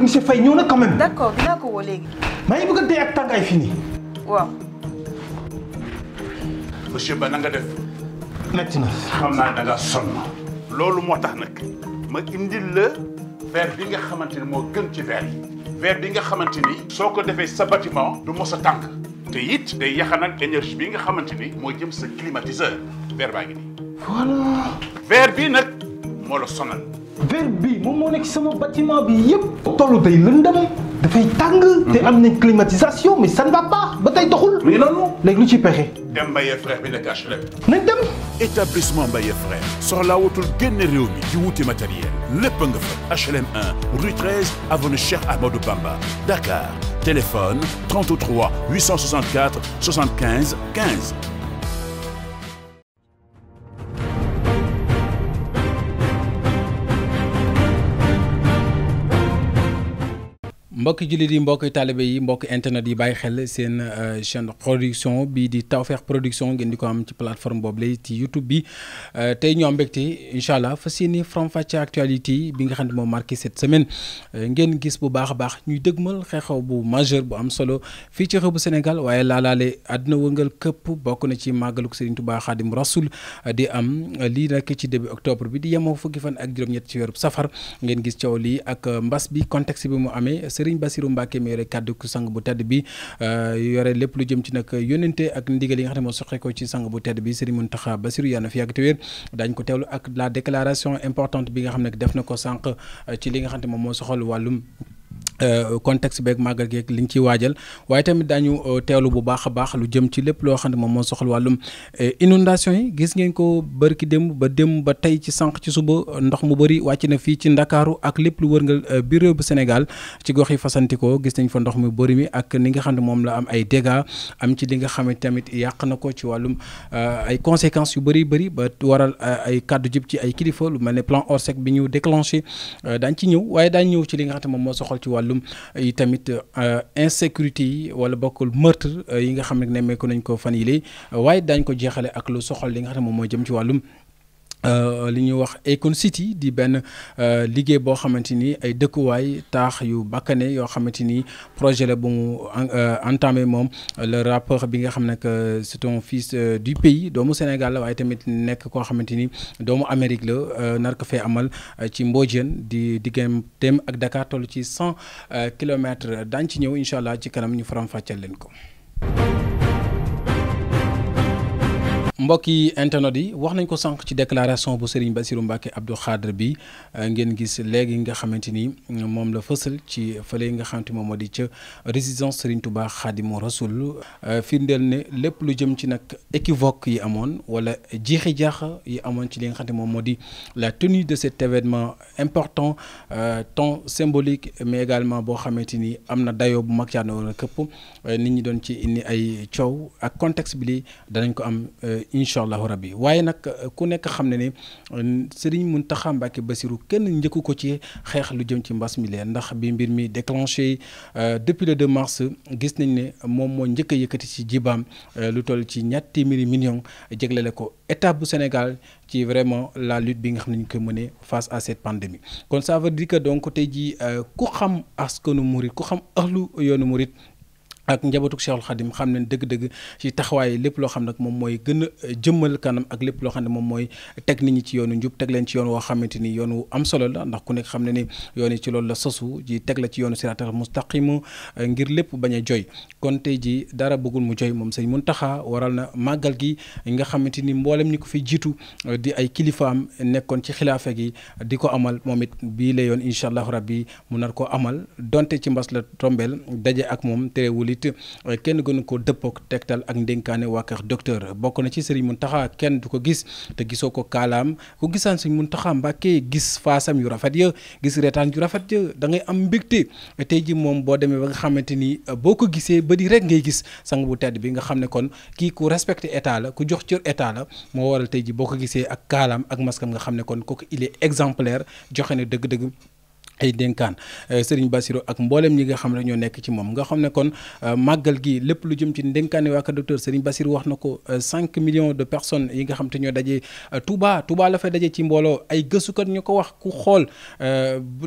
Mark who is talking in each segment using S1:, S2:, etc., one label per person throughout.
S1: que monsieur Faye ñëw na quand même.
S2: d'accord dinaa ko woo léegi. maa ngi bëgg a dee
S1: ak tàngaay fii nii.
S2: waaw. monsieur Ba na nga def. metti na. xam naa da nga sonn. loolu moo tax nag ma indil la verre bi nga xamante ni moo gën ci verre yi. verre bi nga xamante ni. soo ko defee sa bâtiment du mos a tànk. te it day yaxanal énergie bi nga xamante ni. moo jëm sa climatiseur verre baa ngi nii. voilà. verre bii nag moo la sonal.
S1: verre bii moom moo nekk sama bâtiment bi yëpp. tollu day lëndëm dafay tàng. te mhm. am nañ climatisation mais ça ne va pas ba tey doxul. muy noonu. léegi lu ci pexe.
S2: dem Mbaye frère bi nekk HLM. nañ dem. établissement Mbaye frère soxlaa wutul génn réew mi di wuti matériel lépp nga fa HLM 1 rue 13 avenue Cheikh Amadou Bamba Dakar téléphone 33 864 75 15.
S1: mbokki jullit yi mbokki taalibe yi mbokki internet yi bàyyi xel seen euh, chaîne production bii di Tawfekh production ngeen di ko am ci plateforme boobu lay ci YouTube bi euh, tey ñoo am mbégte incha allah fas yéene faram-fàcce actualité bi nga xam ne moo marqué cette semaine euh, ngeen gis bu baax a baax ñuy dëgmal xew-xew bu majeur bu am solo fii ci xew Sénégal waaye laalaale àdduna wëngal këpp bokk na ci màggaluk Serigne Touba Khadim Rasoul di am lii nag ci début octobre bi di yemoo fukki fan ak juróom-ñett ci weeru ngeen gis coow lii ak mbas bi contexte bi mu amee Serigne Bassirou Mbacke mi yore kàddu ku bu tedd bi euh, yore lépp lu jëm ci nag yónnente ak ndigal yi nga xam ne moo soqeekoo ci sang bu tedd bi Serigne Mountakha Bassirou yàlla na fi yàgg te wér ko teewlu la déclaration importante bi nga xam ne def na ko sànq euh, ci li nga xam ne moom moo soxal wàllum Euh, contexte beeg màggal geeg liñ ciy waajal waaye tamit daañu euh, teelu bu baax a baax lu jëm ci lépp loo xam ne moo soxla wàllum euh, inondation yi gis ngeen ko bërki démb ba démb ba tey ci sànq ci suba ndox mu bëri wàcc na fii ci ndakaaru ak lépp lu wërngal biir réew bu Sénégal ci gox yi fasantikoo gis nañ fa ndox mu bëri mi ak ni nga xam ne moom la am ay dégâts am ci li nga xam ne tamit yàq na ko ci wàllum ay conséquences yu bëri bëri ba waral ay kàddu jib ci ay kilifa lu mel ne plan Orsec bi ñëw waaye daañ ci li nga wàllum euh, yi tamit euh, insécurité yi wala bokkul meurtre euh, yi nga xam ne nemmeeku nañ ko fan yile waaye daañ ko jeexale ak lu soxal li nga xam ne moom mooy jëm ci wàllum Euh, li ñuy wax Akon City di benn euh, liggéey boo xamante ni ay dëkkuwaay taax yu bakkane yoo xamante ni projet la bu mu euh, entamé moom le rapport bi nga xam ne que c'est un fils du pays doomu Sénégal la waaye tamit nekk koo xamante ni doomu Amérique la nar ko fee amal ci Mbodiène di digganteem ak Dakar toll ci cent kilomètres daañu ci ñëw incha allah ci kanam ñu faram-fàcceel leen ko. mbokki internet yi wax nañ ko sànq ci déclaration bu Serigne siru Mbacké Abdou Khadre bi euh, ngeen gis léegi nga xamante ni moom la fësal ci fële nga xamante moom moo di ca résidence Serigne Touba Khadimou Rasoul euh, firndeel ne lépp lu jëm ci nag équivoque yi amoon wala jeexi jaax yi amoon ci li nga xamante moom moo di la tenue de cet événement important euh, tant symbolique mais également boo xamante ni am na dayo bu mag yaa na war këpp nit ñi doon ci indi ay coow ak context bi li danañ ko am. incha allahu rabbi waaye nag euh, ku nekk xam ne ne euh, Serigne Mountakha Mbacké basiru kenn njëkku ko ci xeex lu jëm ci mbas mi leen ndax bi mbir mi déclenché euh, depuis le 2 mars gis nañ ne moom moo njëkk a yëkkati ci jibaam lu toll ci ñetti téeméeri millions jéglale ko état bu Sénégal ci vraiment la lutte bi nga xam ne ñu koy mënee face à cette pandémie kon ça veut dire que donc tey jii ku xam askanu murit ku xam ahlu yoonu murit ak njabootu Cheikhul Khadim xam leen dëgg-dëgg ci taxawaay lépp loo xam nag moom mooy gën a jëmmal kanam ak lépp loo xam ne moom mooy teg nit ñi ci yoonu njub teg leen ci yoon woo la ndax ku nekk xam ne ni yoon yi ci loolu la sosu ji teg la ci yoonu siraatal mustaqim eh, ngir lépp bañ a joy kon tey ji dara bëggul mu joy moom sëñ Muntaxa waral na màggal gi nga xamante ni mboolem ñi ko fi jiitu eh, di ay kilifaam nekkoon ci xilaafa gi di ko amal moom it bii la yoon incha allahu rabbi mu nar ko amal donte ci mbas la tombeel it euh, kenn gënu ko dëppook tegtal ak ndénkaane waa kër bokk na ci sëriñ Mountakha kenn du ko gis te gisoo ko kaalaam ku gisaan suñ mun Mountakha Mbacké gis faasam yu rafet ya gis reetaan yu rafet ya da ngay am mbégte tey ji moom boo demee ba nga xamante ni euh, boo ko gisee ba di rek ngay gis sang bu tedd bi nga xam ne kon kii ku respecté état la ku jox cër état la moo waral tey ji boo ko gisee ak kaalaam ak maskam nga xam ne kon kooku il est exemplaire joxe ne dëgg-dëgg ay dénkaan euh, Serigne Bassirou ak mboolem ñi nga xam ne ñoo nekk ci moom nga xam ne kon euh, màggal gi lépp lu jëm ci dénkaane waa ka docteur Serigne Bassirou wax na ko 5 euh, millions de personnes yi nga xam te ñoo daje Touba Touba la fay daje ci mbooloo ay gëstukat ñu ko wax ku xool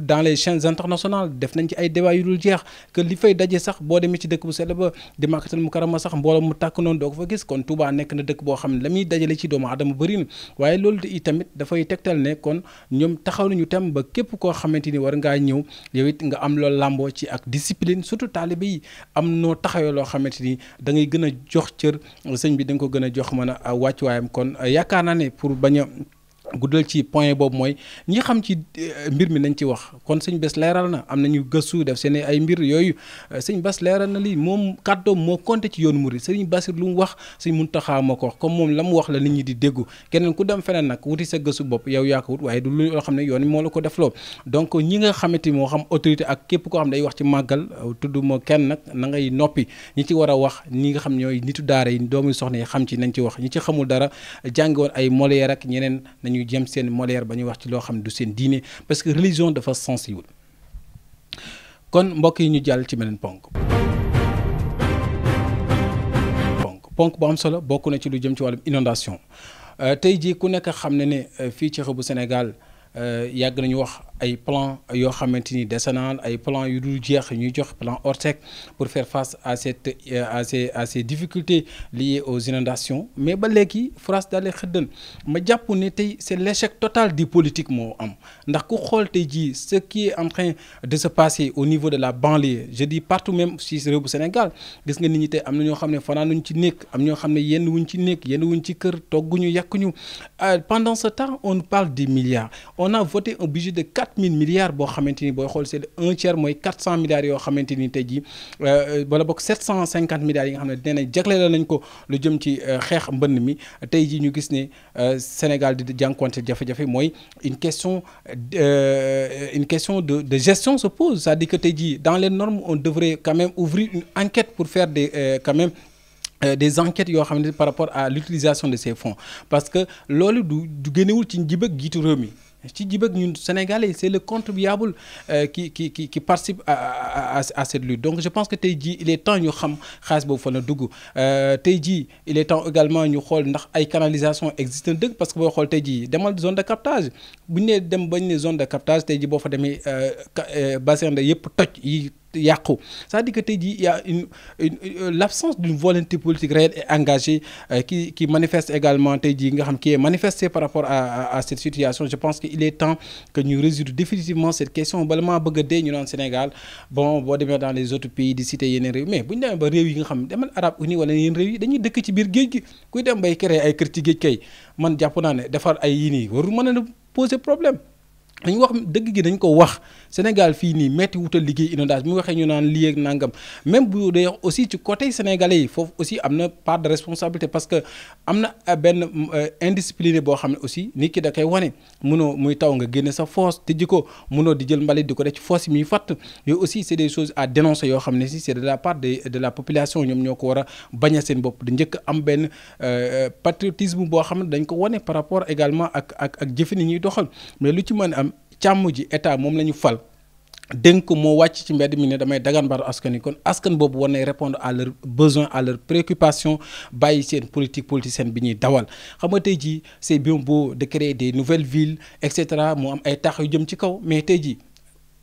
S1: dans les chaînes internationales nañ ci ay débat yu dul jeex que li sax boo demee ci dëkk bu sell ba di Makkatal Mukarrama sax mbooloo mu tàkk noonu doo ko fa gis kon Touba nekk na dëkk boo xam ne la muy dajale ci doomu aadama bëri na waaye loolu itamit dafay tegtal ne kon ñoom taxaw nañu tem ba képp koo ngaa ñëw yow it nga am loolu làmboo ci ak discipline surtout taalibe yi am noo taxawee loo xamante ni da a jox cër sëñ bi da nga ko gën a jox mën a wàccuwaayam kon yaakaar naa ne pour bañ a guddal ci point boobu mooy ñi xam ci euh, mbir mi nañ ci wax kon sëñ Bass leeral na am nañu gëstu def seen ay mbir yooyu euh, sëñ Bass leeral na lii moom kàddoom moo compté ci yoonu murid sëñ Bassir lu mu wax sëñ mun taxaama ko wax comme moom la mu wax la nit ñi di déggu keneen ku dem feneen nag wuti sa gëstu bopp yow yaa ko wut waaye du lu loo xam ne yoon moo la ko def loo donc ñi nga xamante moo xam autorité ak képp koo xam day wax ci màggal euh, tudd moo kenn nag na ngay noppi ñi ci war a wax ñi nga xam ñooy nitu daara yi doomu soxna yi xam ci nañ ci wax ñi ci xamul dara jàngi woon ay Molière ak ñeneen jëm seen Molière ba ñu wax ci loo xam ne du seen diine parce que religion dafa sensible kon mbokk yi ñu jàll ci beneen ponk. ponk ponk bu am solo bokk na ci lu jëm ci wàllum inondation euh, tey jii ku nekk xam ne ne euh, fii ci xëbu Sénégal euh, yàgg nañu wax. ay plan yoo xamante ni décennal ay plan yu dul jeex ñu jox plan ORSEC pour faire face à cette euh, à ces à ces difficultés liées aux inondations mais ba léegi France daal di xëddan ma jàpp ne tey c'est l'échec total di politique moo am ndax ku xool tey jii ce qui est de se passer au niveau de la banlieue je dis partout même si réew bu Sénégal gis nga nit ñi tey am na ñoo xam ne fanaanuñ ci nekk am ñoo xam ne yenn wuñ ci nekk yenn wuñ ci kër togguñu yàkkuñu euh, pendant ce temps on on a voté un mille milliards boo xamante ni booy xool c'est un tiers mooy quatre cent milliards yoo xamante ni tey jii euh, wala boog sept cent cinquante milliards yi nga xam ne nee nañ jagleel nañ ko lu jëm ci euh, xeex mbënn mi tey jii ñu gis ne euh, Sénégal di jànkuwante jafe-jafe mooy une question une question de de gestion se pose c'est-à-dire jii dans les norme on devrait quand même ouvrir une enquête pour faire des quand même des enquêtes yoo xam ne par rapport à l'utilisation de ces fonds parce que loolu du du génnewul ci njib jiitu réew mi ci jib ak ñun Sénégalais c'est le contribuable euh, qui ki qui qui participe à à à cette lutte donc je pense que tey jii il est temps ñu xam xaalis boobu fa na dugg euh, tey jii il est temps également ñu xool ndax ay canalisation existe na dëgg parce que boo xool tey jii demal zone de captage bu ñu nee dem bañ ne zone de captage tey ji boo fa demee euh, bassin de yëpp toj yi. yàqu cest à tey jii y' a une, une, une euh, l' absence d'une volonté politique réelle et engagée euh, qui qui manifeste également tey jii nga xam qui est manifestée par rapport à, à à cette situation je pense que il est temps que ñu résoudre définitivement cette question bala maa bëgg a dee ñu naan Sénégal bon boo demee dans les autres pays di cité yeneen réew mais bu ñu demee ba réew yi nga xam demal Arab Uni wala yeneen réew yi dañuy dëkk ci biir géej gi kuy dem bay créer ay man jàpp naa ne defar ay yii nii warul a poser problème. dañu wax dëgg gi dañu ko wax Sénégal fii nii metti wutal liggéey inondation mu waxee ñu naan lii ak nangam même bu dee aussi ci côté sénégalais yi foofu aussi am na part de responsabilité parce que am na euh, benn euh, indiscipliné boo xam ne aussi nit ki da koy wane munoo muy taw nga génne sa fosse tëjji ko munoo di jël mbalit di ko def ci fosse yi fàtt yooyu aussi c' est à dénoncer yoo xam ne si c' de la part de la population ñoom ñoo ko war a bañ a seen bopp di njëkk am benn euh, patriotisme boo xam ne dañ ko wane par rapport également ak ak ak jëfin yi ñuy doxal mais lu am càmm ji état moom la ñu fal dénk moo wàcc ci mbedd mi ne damay dagaan baatu askan yi kon askan boobu war nay répondre à leurs besoins à leurs préoccupations bàyyi seen politique politicienne bi ñuy dawal xam nga tey jii c'est bi beau de créer des nouvelles villes et cetera moo am ay taax yu jëm ci kaw mais tey jii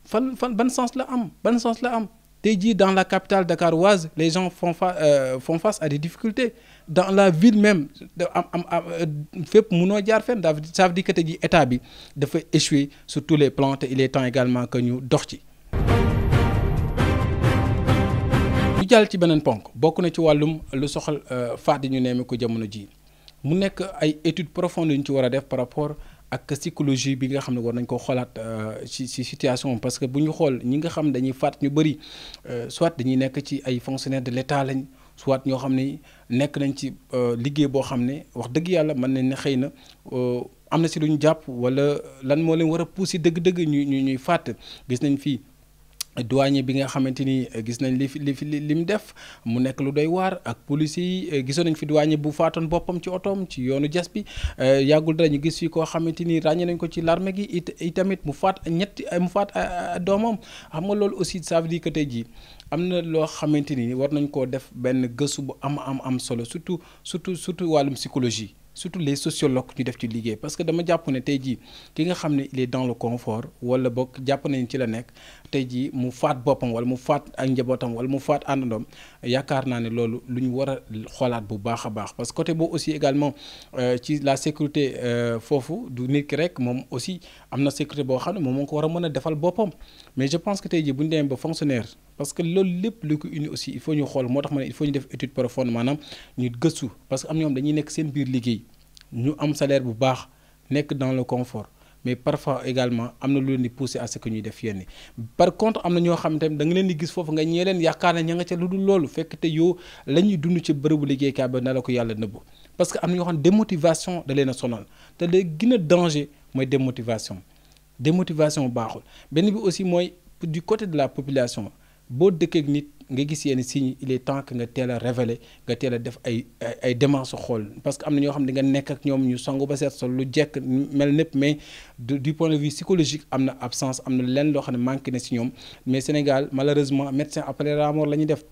S1: fan fan ban sens la am ban sens la am. tey jii dans la capitale dakaroise les gens font fa euh, font face à des difficultés dans la ville même am am am euh, fépp munoo jaar fenn daa ça veut jii état bi dafa échouer sur tous les plans te il temps également que ñu dox ci. ñu jàll ci beneen ponk bokk na ci wàllum lu soxal euh, faat yi ñu neeme ko jamono ji mu nekk ay études profondes yu ñu ci war a def par rapport. ak psychologie bi nga xam ne war nañ ko xoolaat euh, ci ci situation parce que bu ñu xool ñi nga xam dañuy faat ñu bëri euh, soit dañuy nekk ci ay fonctionnaires de l'État lañ soit ñoo xam ne nekk nañ ci euh, liggéey boo xam ne wax dëgg yàlla mën nañ ne xëy na am na si lu ñu jàpp wala lan moo leen war a pousser dëgg-dëgg ñu ñu ñuy faat gis nañ fii douanier bi nga xamante ni euh, gis nañ li fi li fi li mu def mu nekk lu doy waar ak police yi euh, gisoon nañ fi douanier bu faatoon boppam ci otoom ci yoonu jas bi euh, yàggul dara ñu gis fi koo xamante ni ràññee nañ ko ci l'armée gi it tamit mu faat ñetti mu faat doomam xam nga loolu aussi ça veut dire jii am na loo xamante ni war nañ koo def benn gëstu bu am am am solo surtout surtout surtout wàllum psychologie. surtout les sociologues ñu def ci liggéey parce que dama jàpp ne tey jii ki nga xam ne il est dans le confort wala boog jàpp nañ ci la nekk tey jii mu faat boppam wala mu faat ak njabootam wala mu faat àndandoom yaakaar naa ne loolu lu ñu war a xoolaat bu baax a baax parce que côté boobu aussi également euh, ci la sécurité euh, foofu du nit ki rek moom aussi am na sécurité boo xam ne moom moo ko war a mën a defal boppam mais je pense que tey ji bu ñu demee ba parce que loolu lépp lu ko indi aussi il faut ñu xool moo tax ma ne il faut ñu def étude profonde maanaam ñu gëstu parce que am ñoom dañuy nekk seen biir liggéey ñu am salaire bu baax nekk dans le confort mais parfois également am na lu leen di pousser à ce que ñuy def yenn par contre am na ñoo xam tamit danga leen di gis foofu nga ñee leen yaakaar ne ña nga ca lu dul loolu fekk te yow la dund ci bërëbu liggéeykaay ba na la ko yàlla nëbbu parce que am na ñoo xam ne démotivation da leen a sonal te la gën a danger mooy démotivation démotivation baaxul benn bi aussi mooy côté de la population boo dëkkeek nit nga gis yenn signes il est temps nga teel a révéler nga teel a def ay ay démarches xool parce que am na ñoo xam ne nga nekk ak ñoom ñu sangu ba seer sol lu jekk mel népp mais du point de vue psychologique am na absence am na lenn loo xam ne manqué na si ñoom mais Sénégal malheureusement médecin après la mort def.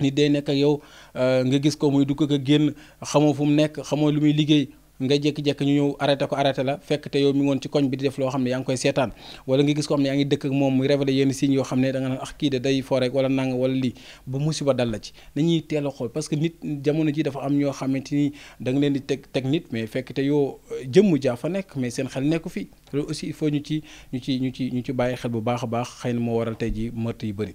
S1: nit day nekk ak yow euh, nga gis ko muy dugg ko génn xamoo fu mu nekk xamoo lu muy liggéey. nga jékki-jékki ñu ñëw arrêté ko arrêté la fekk te yow mi ngoon ci koñ bi di def loo xam ne yaa ngi koy seetaan wala nga gis ko xam ne yaa ngi dëkk ak moom muy révélé yenn signes yoo xam ne da nga naan ax ah, kii de la ci dañuy teel a parce que nit jamono ji dafa am ñoo xamante ni da nga leen di teg teg nit mais fekk te yoo euh, jëmm jaa fa nekk mais seen xel nekku fii loolu aussi il faut ñu ci ñu ci ñu ci ñu ci bàyyi xel bu baax a baax xëy na moo waral tey ji meurtre yi bëri